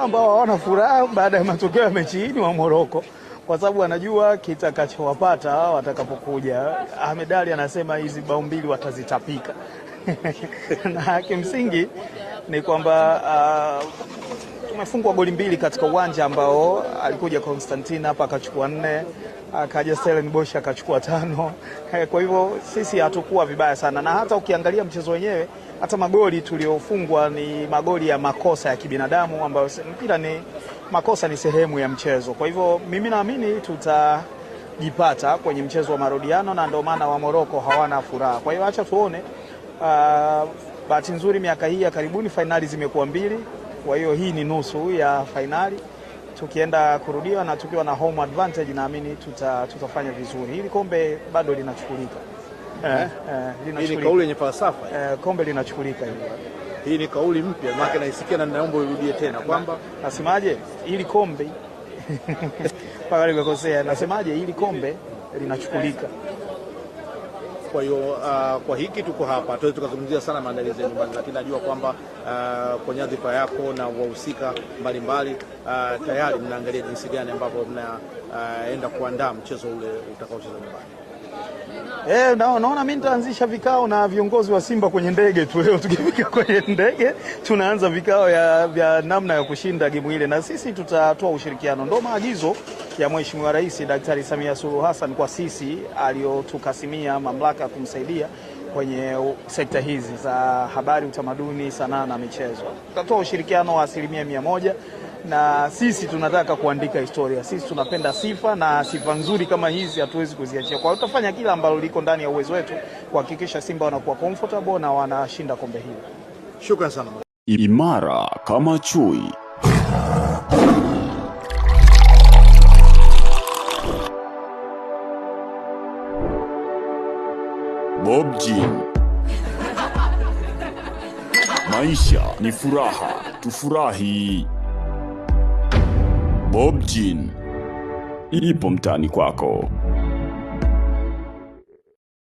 ambao hawana furaha baada ya matokeo ya mechi hii wa Moroko, kwa sababu wanajua kitakachowapata watakapokuja. Ahmed Ali anasema hizi bao mbili watazitapika na kimsingi ni kwamba uh, umefungwa goli mbili katika uwanja ambao alikuja Constantine hapa akachukua nne, akaja Stellenbosch akachukua tano. Eh, kwa hivyo sisi hatukuwa vibaya sana, na hata ukiangalia mchezo wenyewe, hata magoli tuliyofungwa ni magoli ya makosa ya kibinadamu, ambayo mpira ni makosa, ni sehemu ya mchezo. Kwa hivyo mimi naamini tutajipata kwenye mchezo wa marudiano, na ndio maana wa Moroko hawana furaha. Kwa hiyo acha tuone. Uh, bahati nzuri miaka hii ya karibuni fainali zimekuwa mbili kwa hiyo hii ni nusu ya fainali, tukienda kurudiwa na tukiwa na home advantage, naamini tuta, tutafanya vizuri. Hili kombe bado linachukulika eh, eh, eh ni kauli yenye falsafa eh, kombe linachukulika hili. Hii ni kauli mpya maana naisikia na ninaomba urudie tena kwamba nasemaje, hili kombe mpaka nikakosea, nasemaje, hili kombe linachukulika. Kwa hiyo uh, kwa hiki tuko hapa, tuweze tukazungumzia sana maandalizi ya nyumbani, lakini najua kwamba uh, kwa nyadhifa yako na wahusika mbalimbali uh, tayari mnaangalia jinsi gani ambavyo mnaenda uh, kuandaa mchezo ule utakaocheza nyumbani. Eh, naona mimi nitaanzisha vikao na viongozi wa Simba kwenye ndege tu leo. Tukifika kwenye ndege, tunaanza vikao vya namna ya kushinda gemu ile, na sisi tutatoa ushirikiano. Ndo maagizo ya Mheshimiwa Rais Daktari Samia Suluhu Hassan kwa sisi aliyotukasimia mamlaka ya kumsaidia kwenye sekta hizi za habari, utamaduni, sanaa na michezo. Tutatoa ushirikiano wa asilimia mia moja na sisi tunataka kuandika historia. Sisi tunapenda sifa na sifa nzuri kama hizi hatuwezi kuziachia. Kwa hiyo tutafanya kila ambalo liko ndani ya uwezo wetu kuhakikisha Simba wanakuwa comfortable na wanashinda kombe hili. Shukrani sana. Imara kama chui. Bob Jean. Maisha ni furaha, tufurahi. Bob Jean ipo mtaani kwako.